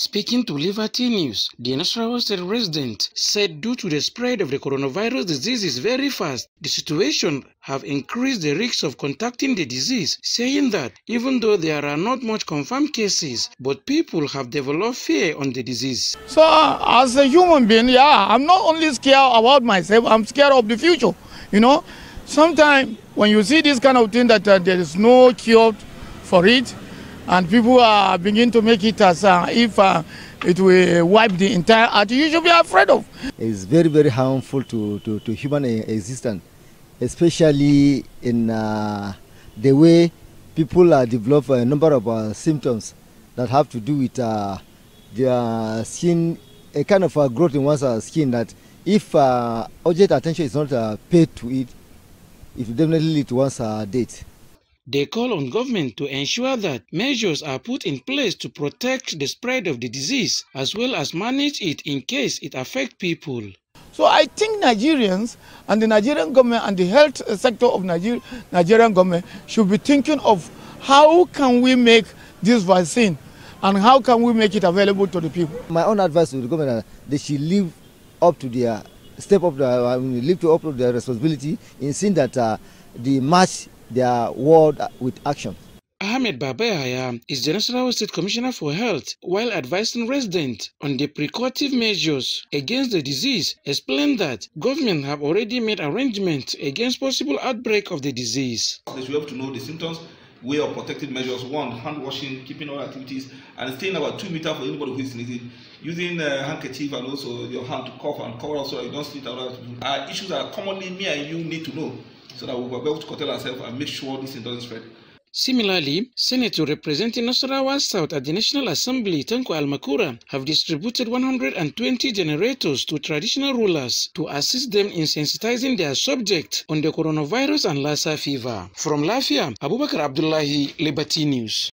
Speaking to Liberty News, the National State resident said due to the spread of the coronavirus disease is very fast, the situation have increased the risks of contacting the disease, saying that even though there are not much confirmed cases, but people have developed fear on the disease. So uh, as a human being, yeah, I'm not only scared about myself, I'm scared of the future, you know. Sometimes when you see this kind of thing that uh, there is no cure for it, and people are beginning to make it as uh, if uh, it will wipe the entire art You should be afraid of. It's very, very harmful to, to, to human uh, existence, especially in uh, the way people uh, develop a number of uh, symptoms that have to do with uh, their skin, a kind of a growth in one's skin that if urgent attention is not paid to it, it will definitely lead to one's death. They call on government to ensure that measures are put in place to protect the spread of the disease as well as manage it in case it affects people. So I think Nigerians and the Nigerian government and the health sector of Niger Nigerian government should be thinking of how can we make this vaccine and how can we make it available to the people. My own advice to the government is they should live up to their step up, their, live to up to their responsibility in seeing that uh, the mass their word with action. Ahmed Baba is the National State Commissioner for Health while advising residents on the precautive measures against the disease, explained that government have already made arrangements against possible outbreak of the disease. We have to know the symptoms, way of protective measures. One, hand washing, keeping all activities, and staying about two meters for anybody who is sneezing. Using a uh, handkerchief and also your hand to cough and cover Also, so you don't sneeze. around. are uh, issues are commonly me and you need to know so that we'll be able to curtail ourselves and make sure this thing doesn't spread. Similarly, Senator representing Nasarawa South at the National Assembly, Tanko Almakura, have distributed 120 generators to traditional rulers to assist them in sensitizing their subject on the coronavirus and Lassa fever. From Lafia, Abubakar Abdullahi, Liberty News.